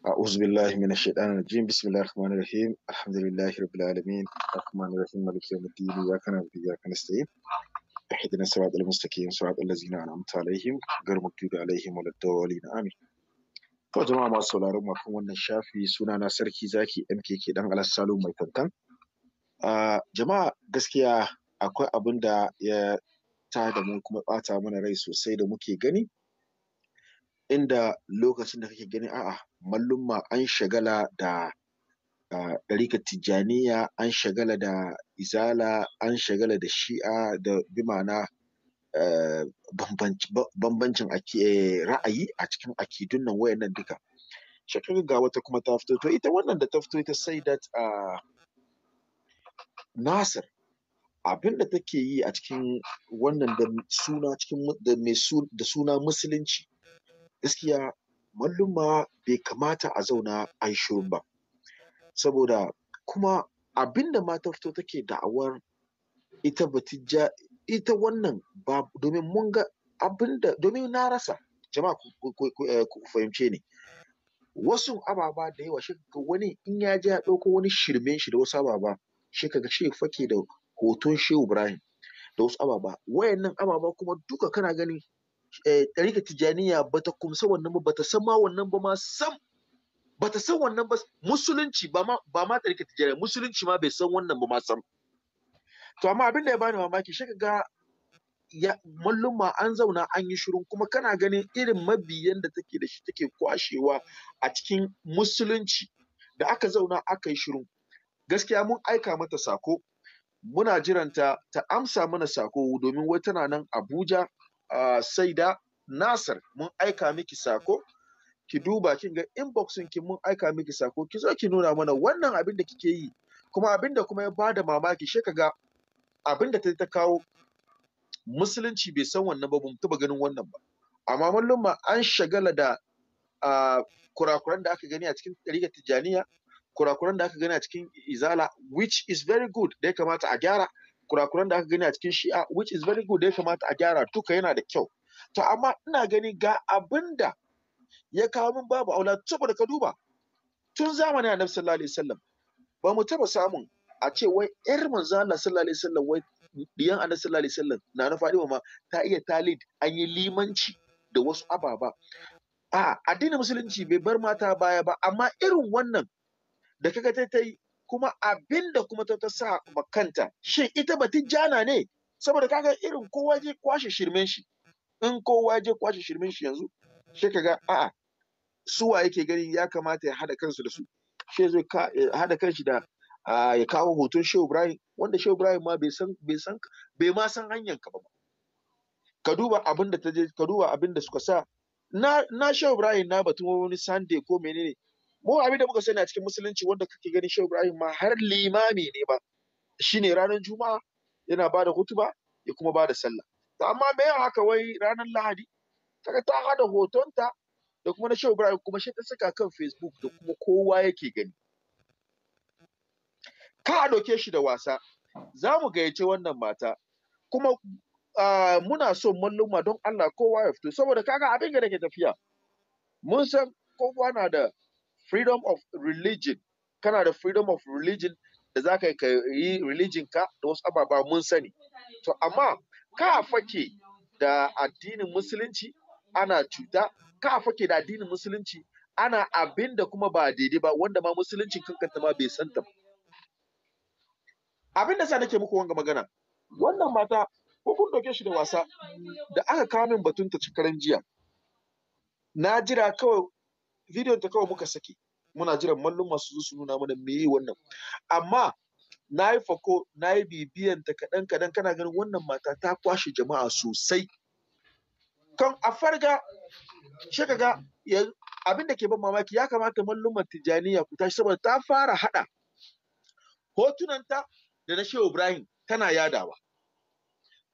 أعوذ بالله من الشيطان الرجيم بسم الله الرحمن الرحيم الحمد لله رب العالمين الرحمن الرحيم مالك يوم الدين إياك نعبد وإياك نستعين اهدنا الصراط المستقيم صراط الذين أنعمت عليهم غير المغضوب عليهم ولا الضالين آمين To jama'a masu sauraron mu kan wannan shafi suna na sarki zaki MKK dan Alassalo mai tantan. jama'a gaskiya akwai abin da ya ta da mu kuma ɓata mana rai sosai da muke gani inda lokacin da kake gani a'a Mallumma an shagala da ɗarikar tijjaniya an shagala da izala an shagala da shi'a da bi ma'ana bambancin eh, ra'ayi a cikin akidun nan wayannan duka shekaru ga wata kuma ta fito to ita wannan da ta fito ita sai da nasir abin da take yi a cikin wannan da suna cikin da suna musulunci gaskiya ma bai kamata a zauna ayi shiru ba saboda kuma abinda matar fito take da'awar ita batijja ita wannan ba domin mun ga abinda domin na rasa jama'a eh, ku fahimce ni wasu ababa da yawa shi ga wani in ya je ya ɗauko wani shirmen shi da wasu ababa shi kaga shi fake da hoton Shehu Ibrahim da wasu ababa wayannan ababa kuma duka kana gani ɗarika eh, tijaniya ba ta kumsa wannan ba ba ta san ma wannan ba ma sam ba ta san wannan ba musulunci ba ma ɗarika tijaniya musulunci ma bai san wannan ba ma sam to amma abin da ya bani mamaki shi ga ya an zauna an yi shirin kuma kana ganin irin mabiyan da take da shi take kwashewa a cikin musulunci da aka zauna aka yi shirin gaskiya mun aika mata sako muna jiranta ta amsa mana sako domin wai tana nan Abuja uh, saida nasar mun aika miki sako ki duba kin ga inbox ki mun aika miki sako ki zo ki nuna mana wannan abin da kike yi kuma abin da kuma ya bada mamaki shi ga abin da ta kawo musulunci bai san wannan ba mun taba ganin wannan ba amma mallum ma an shagala da uh, kurakuran da aka gani a cikin ɗariƙar tijaniya kurakuran da aka gani a cikin izala which is very good da ya kamata a gyara kurakuran da aka gani a cikin shi'a which is very good ya kamata a gyara duka yana da kyau to amma ina gani ga abinda ya kawo min babu aula saboda ka duba tun zamanin annabi sallallahu alaihi wasallam ba mu taba samun a ce wai yar manzo Allah sallallahu alaihi wasallam wai diyan annabi sallallahu alaihi wasallam na na fadi ma ta iya talid an yi limanci da wasu ababa a addinin musulunci bai bar mata baya ba amma irin wannan da kaga ta yi kuma abin da kuma ta sa makanta shin ita ba jana ne saboda kaga irin kowa je kwashe shirmen shi in kowa je kwashe shirmen shi yanzu shi kaga a'a wa yake gani ya kamata ya hada kansu da su shi zai hada kanshi da ya kawo hoton Shehu Ibrahim wanda Shehu Ibrahim ma bai san bai san bai ma san hanyar ka ba ka duba abin da ta je ka duba abin da suka sa na na Shehu Ibrahim na batun wani Sunday ko menene mu abin da muka sani a cikin musulunci wanda kake gani shehu ibrahim ma har limami ne ba shine ranar juma'a yana ba da hutuba ya kuma ba da sallah to amma me yau haka wai ranar lahadi kaga ta hada hotonta da kuma na shehu ibrahim kuma shi ta saka kan facebook da kuma kowa yake gani ka doke shi da wasa za mu gayyace wannan mata kuma muna son malluma don allah kowa ya fito saboda kaga abin da ke tafiya mun san kowa na da freedom of religion kana da freedom of religion da za ka yi religion ka da wasu ababa mun sani to amma ka fake da addinin musulunci ana cuta ka fake da addinin musulunci ana abin da kuma ba daidai ba wanda ma musuluncin kankanta ma bai santa ba abin da sa nake muku wanga magana wannan mata ko kun ɗauke shi da wasa da aka kawo min batun ta cikin jiya na jira kawai video ta kawai muka saki muna jiran mallum masu zuwa su nuna mana me yi wannan amma na yi fako na yi bibiyan ta kaɗan kaɗan kana ganin wannan mata ta kwashe jama'a sosai kan a farga shi kaga abin da ke ban mamaki ya kamata malluman tijaniya ku tashi saboda ta fara haɗa hotunanta da na shehu ibrahim tana yadawa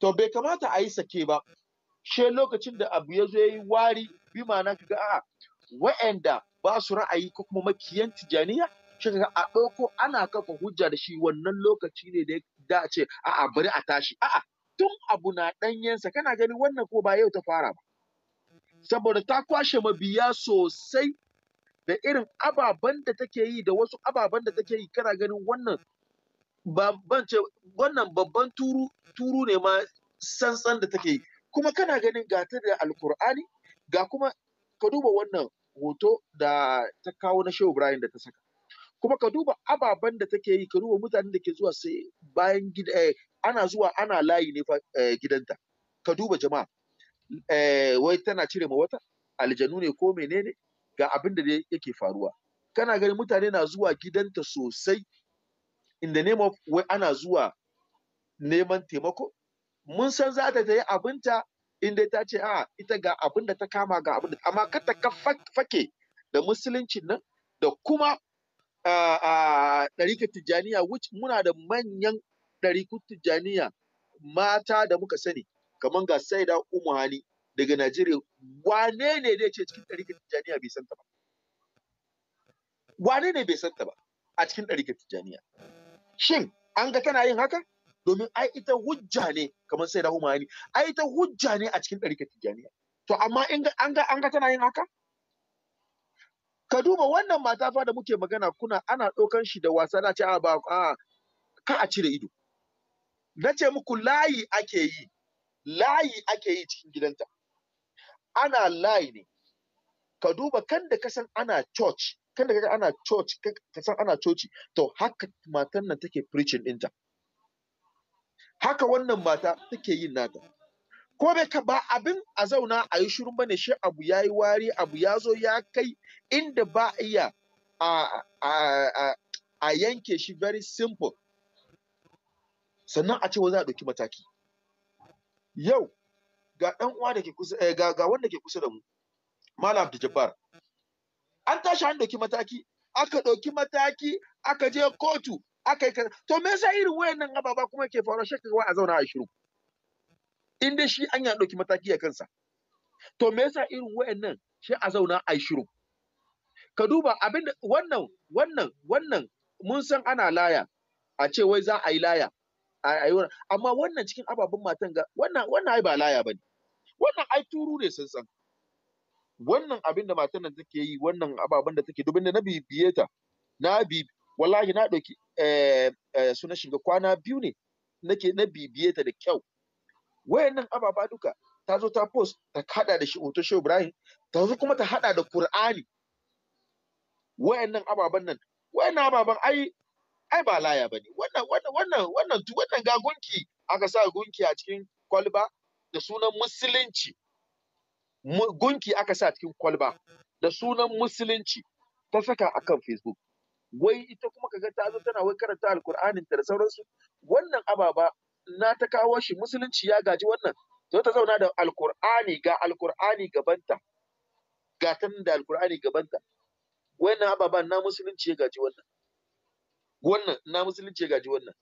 to bai kamata a yi sake ba she lokacin da abu ya zo ya yi wari bi ma'ana kaga a'a wa'anda ba su ra'ayi ko kuma makiyan tijaniya shi a ɗauko ana kafa hujja da shi wannan lokaci ne da ya dace a'a bari a tashi a'a tun abu na ɗanyensa kana gani wannan ko ba yau ta fara ba saboda ta kwashe mabiya sosai da irin ababen da take yi da wasu ababen da take yi kana ganin wannan babban ce wannan babban turu turu ne ma santsan da take yi kuma kana ganin ga gata da alkur'ani ga kuma ka duba wannan hoto da ta kawo na Shehu Ibrahim da ta saka. Kuma ka duba ababen da take yi, ka duba mutanen da ke zuwa sai bayan gida eh, ana zuwa ana layi ne eh, gidanta. Ka duba jama'a. Eh, wai tana cire ma wata aljanu ne ko menene ga abin da yake faruwa. Kana ganin mutane na zuwa gidanta sosai in the name of wai ana zuwa neman taimako mun san za ta yi abinta in dai ta ce a ita ga abin da ta kama ga abin da amma kata ka fake da musuluncin nan da kuma a ɗarikar tijjaniya which muna da manyan ɗarikun tijjaniya mata da muka sani kamar ga saida umu hani daga najeriya wane ne zai ce cikin ɗarikar tijjaniya bai santa ba wane ne bai santa ba a cikin ɗarikar tijjaniya shin an ga tana yin haka domin ai ita hujja ne kamar sai da humani ai ita hujja ne a cikin ɗarikar tijjaniya to amma in an ga an ga tana yin haka ka duba wannan mata fa da muke magana kuna ana ɗaukan shi da wasa na ce a ah, ba a ka a cire ido na ce muku layi ake yi layi ake yi cikin gidanta ana layi ne ka duba kan da ka san ana church kan da ka ana church ka san ana coci to haka matan nan take preaching ɗinta haka wannan mata take yin nata ko bai ka ba abin a zauna a yi shirin bane shi abu ya yi wari abu ya zo ya kai inda ba iya a, a yanke shi very simple sannan a ce za a ɗauki mataki yau ga ɗan uwa da kusa eh, ga, ga wanda ke kusa da mu malam abdul jabbar an tashi an ɗauki mataki aka ɗauki mataki aka je kotu aka yi kaza to me yasa irin wayannan ababa kuma ke faruwa shi kaga a zauna a shiru in dai shi an ya dauki mataki a kansa to me yasa irin wayannan shi a zauna a shiru ka duba abin wannan wannan wannan mun san ana laya a ce wai za a yi laya amma wannan cikin ababen matan ga wannan wannan ai ba laya bane wannan ai turu ne sun san wannan abin da matan nan take yi wannan ababen da take dubin da na bibiye ta na bibi. wallahi na ɗauki eh, eh, suna shiga kwana biyu ne nake na bibiye ta da kyau wayannan ababa duka ta zo ta post ta hada da shi hoto shehu ibrahim ta zo kuma ta hada da qur'ani wayannan ababan nan wayannan ababan ai ai ba laya bane wannan wannan wannan wannan wannan ga gunki aka sa gunki a cikin kwalba da sunan musulunci gunki aka sa cikin kwalba da sunan musulunci ta saka akan facebook wai ita kuma kaga ta zo tana wai karanta alkur'anin ta da sauransu wannan ababa na ta kawo shi musulunci ya gaji wannan to ta zauna da alkur'ani ga alkur'ani gabanta ga ta da alkur'ani gabanta wannan ababa na musulunci ya gaji wannan wannan na musulunci ya gaji wannan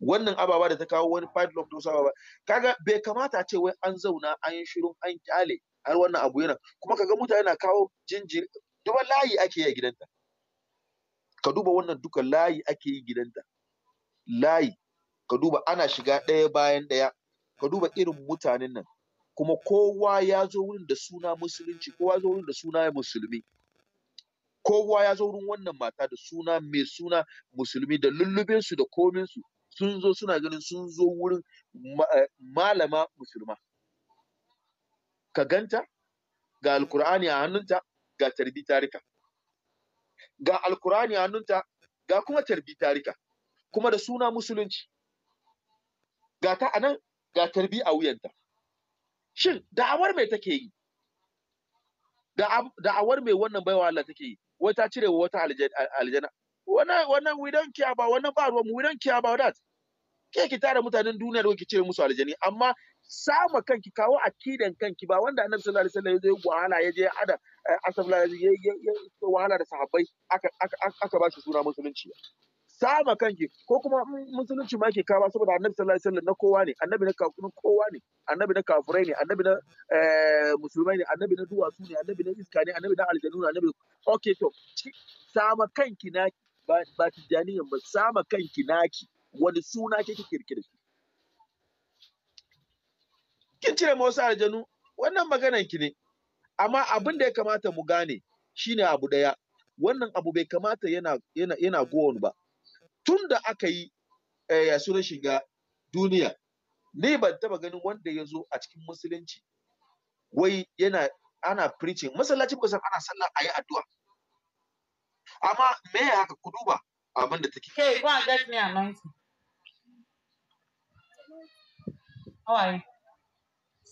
wannan ababa da ta kawo wani of those ababa kaga bai kamata a ce wai an zauna an yi shirin an kyale har wannan abu yana kuma kaga mutane na kawo jinjiri duba layi ake yi a gidanta ka duba wannan duka layi ake yi gidanta layi ka duba ana shiga ɗaya bayan ɗaya ka duba irin mutanen nan kuma kowa ya zo wurin da suna musulunci kowa ya zo wurin da suna musulmi kowa ya zo wurin wannan mata da suna mai suna musulmi da lullubinsu da kominsu sun zo suna ganin sun zo wurin eh, malama musulma ka ganta ga alkur'ani a hannunta ga tarbi tarika ga alkurani hannunta ga kuma tarbi tarika kuma da suna musulunci ga ta anan ga tarbi a wuyanta shin da'awar me take yi da'awar me wannan baiwa Allah take yi wai ta cire wata aljana wannan wannan we don't care about wannan ba ruwan we don't care about that ke ki tara mutanen duniya da ki cire musu aljani amma sama kanki kawo akidan kanki ba wanda annabi sallallahu alaihi wasallam ya wahala ya je ada eh, asabla ya wahala da sahabbai aka aka ba shi suna musulunci sama kanki ko kuma musulunci ma yake kawo saboda annabi sallallahu alaihi wasallam na kowa ne annabi na kafirin kowa ne annabi na kafirai ne annabi na eh, musulmai ne annabi na duwatsu ne annabi na iska ne annabi na aljanu ne annabi okay to sama kanki naki ba tijaniyan ba sama kanki naki wani suna kike kirkira kin cire ma wasu aljanu wannan maganan ki ne amma abin da ya kamata mu gane shine abu daya wannan abu bai kamata yana yana yana gowon ba tun da aka yi eh, ya sura shiga duniya ni ban taba ganin wanda ya zo a cikin musulunci wai yana ana preaching masallacin ba san ana sallah ayi addu'a amma me ya haka ku duba abin da take ke! ba me anointing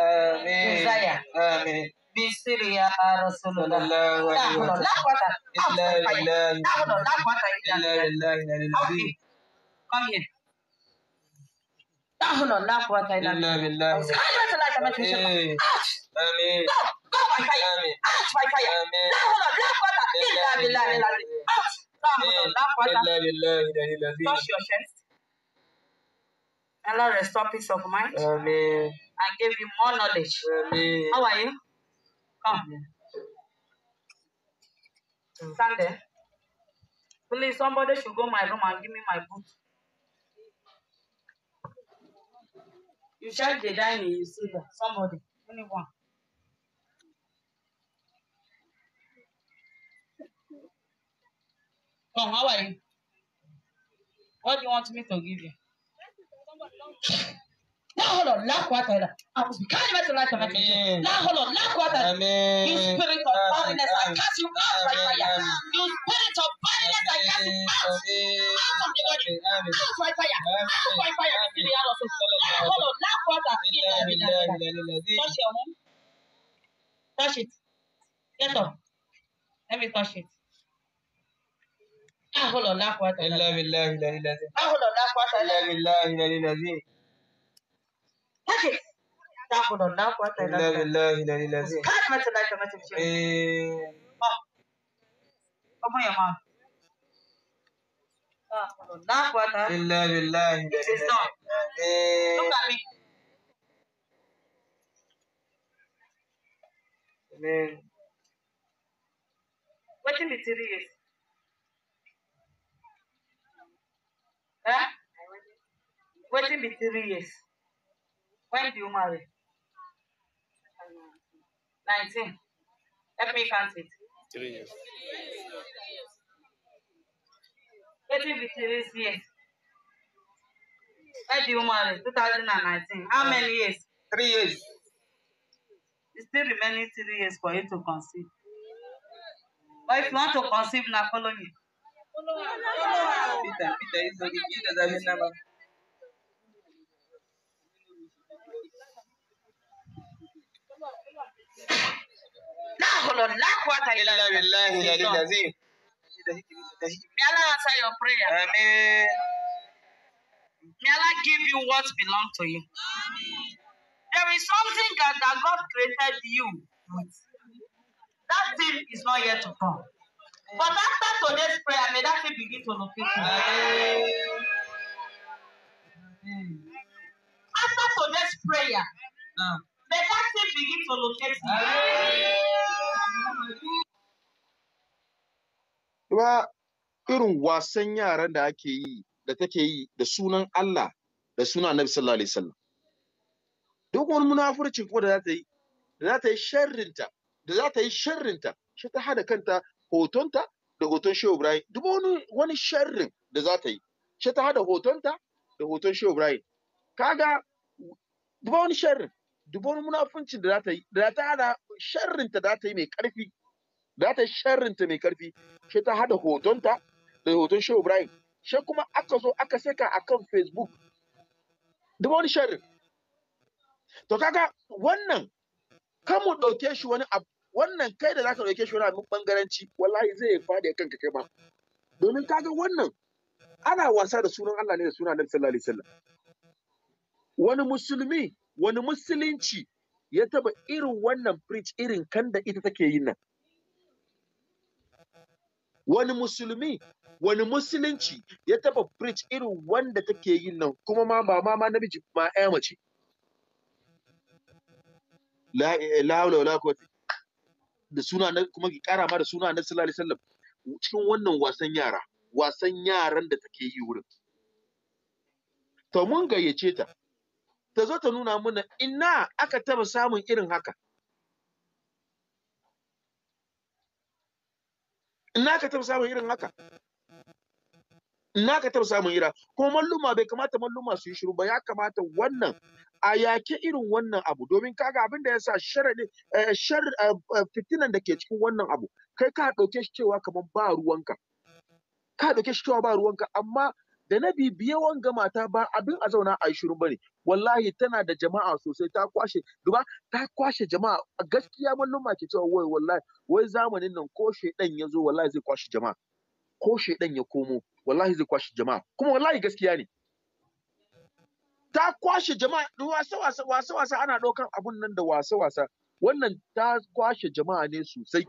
آمين إزايا آمين بسر يا رسول الله لا حول ولا قوة إلا بالله لا حول ولا قوة إلا بالله النبي قم لا حول ولا قوة إلا بالله آمين آمين Go by fire. Out by fire. لا حول ولا قوة إلا بالله العظيم. لا حول ولا قوة إلا بالله العظيم. Touch your chest. Allah restore peace of mind. Amen. And give you more knowledge. Amen. How are you? Come. Amen. Stand there. Please, somebody should go my room and give me my book. You check the dining, you see that. Somebody, anyone. Come, how are you? What do you want me to give you? La holo, la quarter. I was becoming to light of my La holo, la quarter. spirit of barrenness, I cast you out by spirit of barrenness, I cast you out. Out of the body. Out by fire. Out by fire. Receive the arrows. La holo, la quarter. Touch your home. Touch it. Get up. Let me touch it. لا حول ولا قوة إلا بالله العلي العظيم لا حول ولا قوة إلا بالله العلي العظيم لا حول ولا قوة إلا بالله العلي العظيم كلمة لا كلمة شيء أبو يا مام لا حول ولا قوة إلا بالله It is not. Look at me. Amen. What in the series? Huh? Waiting be three years. When do you marry? 19. Let me count it. Three years. Waiting be three years. When do you marry? 2019. How many uh, years? Three years. It's still remaining three years for you to conceive. But if you want to conceive, now follow me. Pita, pita hizo kijida za vinama. Illa billahi lalil azim. May Allah answer your prayer. Amen. May Allah give you what belongs to you. Amen. There is something that, that God created you with. That thing is not yet to come. But after today's prayer, may that thing begin to locate you. After today's prayer, may that thing begin to locate you. Ba irin wasan yaran da ake yi da take yi da sunan Allah da sunan Annabi sallallahu alaihi wasallam. Duk wani munafurcin ko da za ta yi, da za ta yi sharrinta, da za ta yi sharrinta, shi ta hada kanta hotonta da hoton Shehu Ibrahim duk wani wani sharrin da za ta yi she ta hada hotonta da hoton Shehu Ibrahim kaga duk wani sharrin duk wani munafuncin da za ta yi da ta hada sharrin ta za ta yi mai ƙarfi, da ta sharrin ta mai ƙarfi. she ta hada hotonta da hoton Shehu Ibrahim she kuma aka zo aka saka akan Facebook duk wani sharrin to kaga wannan kan mu ɗauke shi wani abu wannan kai da zaka dauke shi wani abin bangaranci wallahi zai faɗi a kanka kai ba domin kaga wannan ana wasa da sunan Allah ne da sunan Annabi sallallahu alaihi wasallam wani musulmi wani musulunci ya taba irin wannan preach irin kan da ita take yin nan wani musulmi wani musulunci ya taba preach irin wanda take yin nan kuma ma ba ma ma namiji ma ƴa mace la eh, la wala quwwata da suna kuma ki kara ma da suna na sallallahu alaihi wasallam cikin wannan wasan yara wasan yaran da take yi wurin to mun gayyace ta ta zo ta nuna mana ina aka taba samun irin haka ina aka taba samun irin haka ina aka taba samun irin kuma malluma bai kamata malluma su yi shiru ba ya kamata wannan a yaƙi irin wannan abu domin kaga abin da ya sa eh, eh, eh, fitinan da ke cikin wannan abu kai ka ɗauke shi cewa kamar ba ruwanka ka ɗauke shi cewa ba ruwanka amma da na bibiye wanga mata ba abin a zauna a yi shirin bane wallahi tana da jama'a sosai ta kwashe duba ta kwashe jama'a gaskiya malluma ke cewa wai wallahi wai zamanin nan ko shedan ya zo wallahi zai kwashe jama'a ko shedan ya komo wallahi zai kwashe jama'a kuma wallahi gaskiya ne ta kwashe jama'a wasa wasa wasa ana ɗaukar abun nan da wasa wasa wannan ta kwashe jama'a ne sosai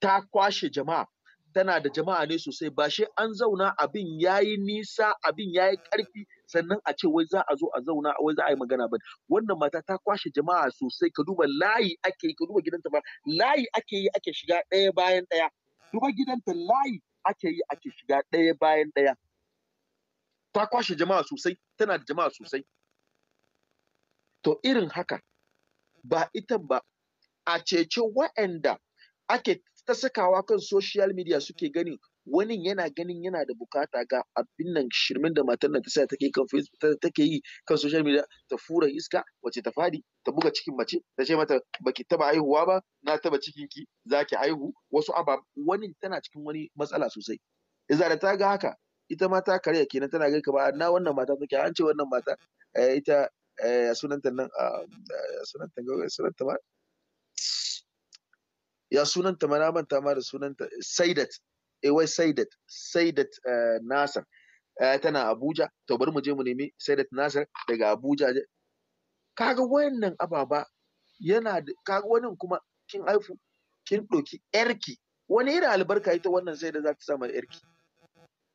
ta kwashe jama'a tana da jama'a ne sosai ba shi an zauna abin yayi nisa abin yayi karfi sannan a ce wai za a zo a zauna wai za a yi magana ba wannan mata ta kwashe jama'a sosai ka duba layi ake yi ka duba gidanta ba layi ake yi ake shiga ɗaya bayan ɗaya duba gidanta layi ake yi ake shiga ɗaya bayan ɗaya ta kwashe jama'a sosai tana da jama'a sosai to irin haka ba ita ba a cece wa'anda ake ta sakawa kan social media suke gani wani yana ganin yana da bukata ga abin nan shirmin da matar nan ta sa take kan take yi kan social media ta fura iska wace ta fadi ta buga cikin mace ta ce mata baki taba haihuwa ba na taba cikin ki zaki haihu wasu abab wani tana cikin wani matsala sosai idan ta ga haka ita ma ta karya kenan tana ganin kamar na wannan mata take an ce wannan mata eh, ita eh, sunanta nan ah, eh, sunanta sunanta ma ya sunanta ma na manta ma da sunanta Saidat eh wai Saidat Saidat Nasar tana Abuja to bari mu je mu nemi Saidat Nasar daga Abuja kaga wayannan ababa yana da kaga wani kuma kin haifu kin ɗauki yarki wani irin albarka ita wannan sai da za ta sama yarki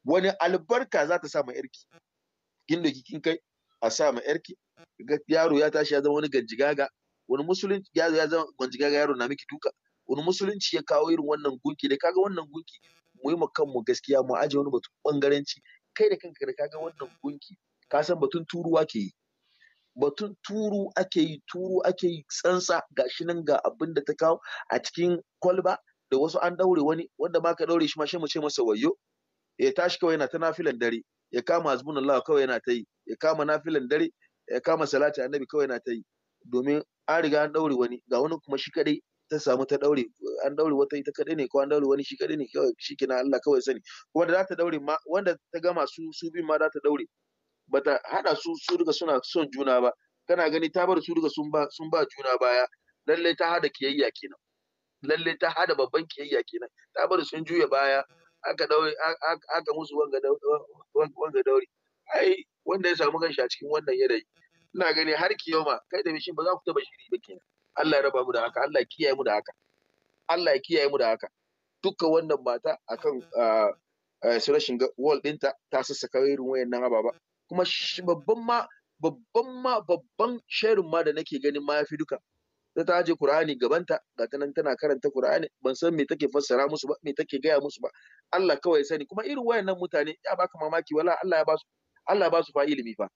wani albarka za ta sa ma yarki kin da kin kai a sa ma yarki yaro ya tashi ya zama wani ganjigaga wani musulunci yaro ya zama ganjigaga yaro na miki duka wani musulunci ya kawo irin wannan gunki da kaga wannan gunki mu yi kanmu gaskiya mu aje wani batun bangaranci kai da kanka da kaga wannan gunki ka san batun turuwa ke yi batun turu ake yi turu ake yi tsantsa gashi nan ga abin da ta kawo a cikin kwalba da wasu an daure wani wanda ma ka daure shi ma shi mu ce masa wayo ya tashi kawai yana ta nafilan dare ya kama Allah kawai yana ta yi ya kama nafilan dare ya kama salati annabi kawai yana ta yi domin an riga an daure wani ga wani kuma shi kadai ta samu ta daure an daure wata ita kadai ne ko an daure wani shi kadai ne kawai shi kina Allah kawai sani kuma da za ta daure ma wanda ta gama su su bin ma za ta daure bata hada su su duka suna son juna ba kana gani ta bar su duka sun ba sun ba juna baya lalle ta hada kiyayya kenan lalle ta hada babban kiyayya kenan ta bar sun juya baya aka ɗaure aka musu wanga daure ai wanda ya samu kanshi a cikin wannan yanayi ina gani har kiyoma kai da bishin ba za ku taba shiri ba kenan Allah ya raba mu da haka Allah ya kiyaye mu da haka Allah ya kiyaye mu da haka duka wannan mata akan su rashin wall ɗinta ta sassaka irin wayannan ababa kuma babban ma babban ma babban sharin ma da nake ganin ma yafi duka ta ta je Qur'ani gabanta ga ta nan tana karanta Qur'ani ban san me take fassara musu ba me take gaya musu ba Allah kawai sani kuma irin wayannan mutane ya baka mamaki wala Allah ya basu Allah ya basu fa ilimi fa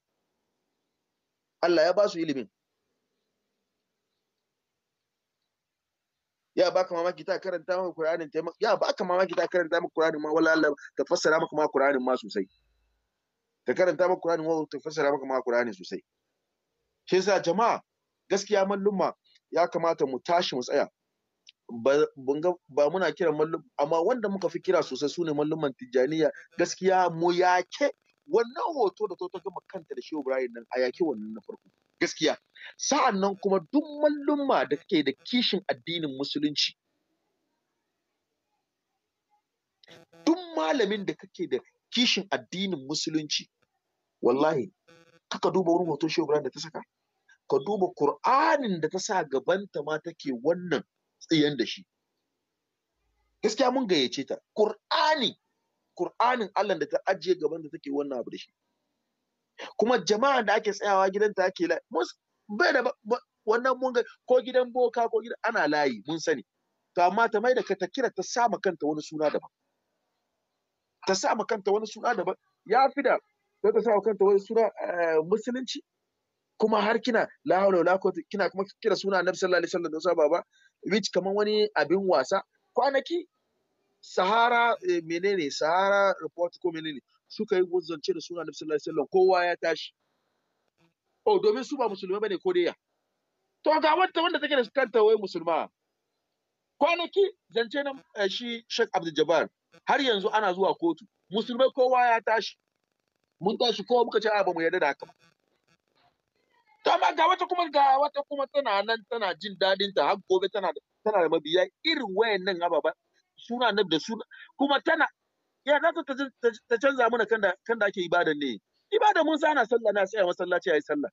Allah ya basu ilimin ya baka mamaki ta karanta maka Qur'anin ta ya baka mamaki ta karanta maka Qur'anin ma wala Allah ta fassara maka ma Qur'anin ma sosai ta karanta maka Qur'anin wala ta fassara maka ma Qur'anin sosai shi yasa jama'a gaskiya mallumma ya kamata mu tashi mu tsaya ba muna kira mallum amma wanda muka fi kira sosai sune malluman tijjaniya gaskiya mu yake wannan hoto da ta gama kanta da shehu ibrahim nan a yake wannan na farko gaskiya sa'an nan kuma duk mallumma da kake da kishin addinin musulunci duk malamin da kake da kishin addinin musulunci wallahi kaka duba wurin hoton shehu ibrahim da ta saka ka duba Kur'anin da ta sa gabanta ma take wannan tsiyan da shi gaskiya mun gayyace ta qur'ani qur'anin Allah da ta ajiye gaban da take wannan abu da shi kuma jama'a da ake tsayawa gidanta ake layi bai da wannan mun ko gidan boka ko gidan ana layi mun sani to amma ta mai da ka ta kira ta sama kanta wani suna daban ta sama kanta wani suna daban ya fi da ta ta sama kanta wani suna eh, musulunci kuma har kina la hawla wala quwwata kina kuma kira suna annabi sallallahu alaihi wasallam da baba which kamar wani abin wasa kwanaki sahara eh, menene sahara report ko menene suka yi zance da suna nabi sallallahu alaihi kowa ya tashi oh domin su ba musulmai bane ko dai to ga wata wanda take da kanta wai musulma kwanaki zance na eh, shi Sheikh Abdul Jabbar har yanzu ana zuwa kotu musulmai kowa ya tashi mun tashi kowa muka ce a ba mu yarda da haka to amma ga wata kuma ga wata kuma tana nan tana jin dadin ta har gobe tana tana da mabiya irin wayannan ababa suna nan da suna kuma tana ya za ta canza mana kan da ake ibada ne ibada mun sana sallah na tsaya masallaci yayi sallah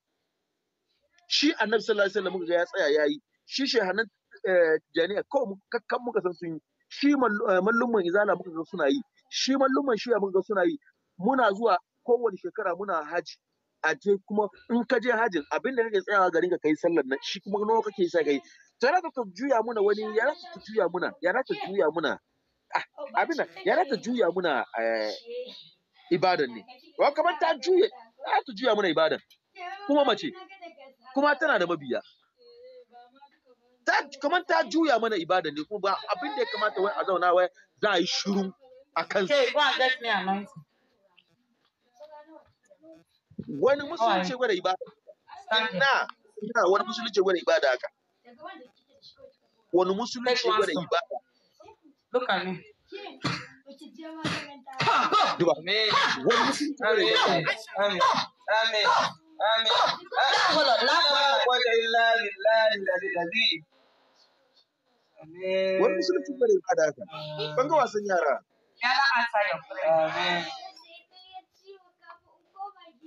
shi annabi sallallahu alaihi wasallam ya tsaya yayi shi shehanan eh, jani'a ko kakkan muka san sun yi shi eh, mallumman izala muka san suna yi shi mallumman shi muka ga suna yi muna zuwa kowace shekara muna haji Aje kuma in ka je hajin abin da kake tsayawa garin ka kai sallar nan shi kuma nawa kake sa kai to yana ka juya muna wani yana ka juya muna yana ka juya muna ah, abin nan yana ka juya muna eh, ibadan ne wa kamar ta juya ka juya muna ibadan kuma mace kuma tana da mabiya kamar ta juya mana ibadan ne kuma ba abin da ya kamata wai a zauna wai za a yi shiru a kansu. wani musulunci gwada ibada ina wani musulunci gwada ibada haka wani musulunci gwada ibada duka ne duba wani musulunci gwada ibada amin amin amin wani musulunci gwada ibada haka ban ga wasan yara yara an sa yau amin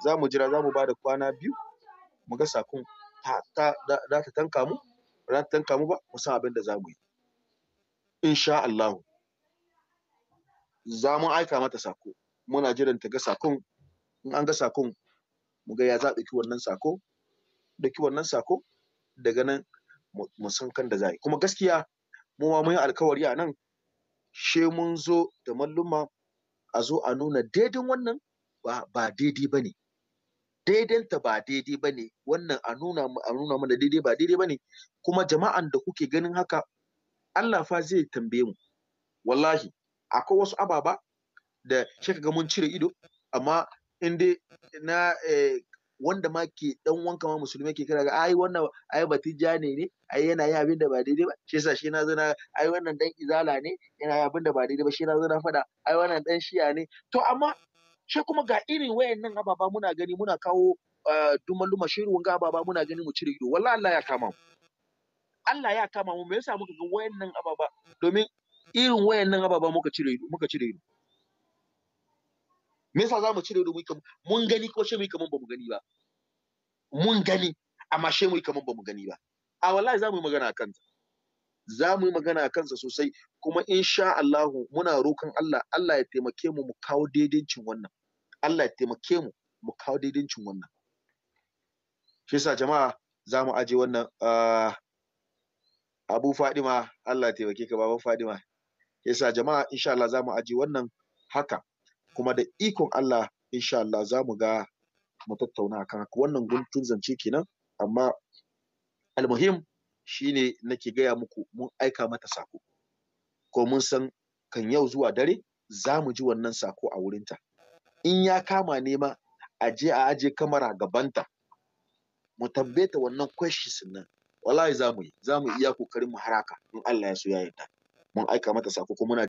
za mu jira za mu ba da kwana biyu mu ga sakon za ta tanka mu ba za ta tanka mu ba mu san abin da za mu yi insha Allah za mu aika mata sako muna jiran ta ga sakon in an ga sakon mu ga ya za ki wannan sako ki wannan sako daga nan mu san kan da za yi kuma gaskiya mu ma mun alkawari a nan she mun zo da malluma a zo a nuna daidin wannan ba daidai ba ne daidanta ba daidai ba ne wannan a nuna a nuna mana daidai ba daidai ba ne kuma jama'an da kuke ganin haka Allah fa zai tambaye mu wallahi akwai wasu ababa da shi ga mun cire ido amma in dai na eh, wanda ma ke dan wanka ma musulmi ke kira ai wannan ai batija ne ne ai yana yin abin da ba daidai ba shi yasa shi na zana ai wannan dan izala ne yana yin abin da ba daidai ba shi na zana fada ai wannan dan shiya ne to amma shi kuma ga irin wayannan ababa muna gani muna kawo eh, duman luma shi wanga ababa muna gani mu cire ido wallahi Allah ya kama mu Allah ya kama mu me yasa muka ga wayannan ababa domin irin wayannan ababa muka cire ido muka cire ido me yasa zamu cire ido mu mun gani ko shi mu kaman bamu gani ba mun gani amma shi mu kaman bamu gani ba a wallahi zamu yi magana akan ta za mu yi magana a kansa sosai kuma insha Allahu muna roƙon Allah Allah ya taimake mu mu kawo daidaicin wannan Allah ya taimake mu mu kawo daidaicin wannan shi yasa jama'a za mu aje wannan ah, Abu Fadima Allah ya taimake ka baban Fadima yasa jama'a insha Allah za mu aje wannan haka kuma da ikon Allah insha Allah za mu ga mu tattauna akan haka wannan guntun zance kenan amma almuhim Shi shine nake gaya muku mun aika mata sako ko mun san kan yau zuwa dare za mu ji wannan sako a wurinta in ya kama nema a je a aje kamara gabanta mu tabbata wannan questions nan wallahi za mu yi za mu iya kokarin mu haraka in Allah ya so ya yarda mun aika mata sako kuma muna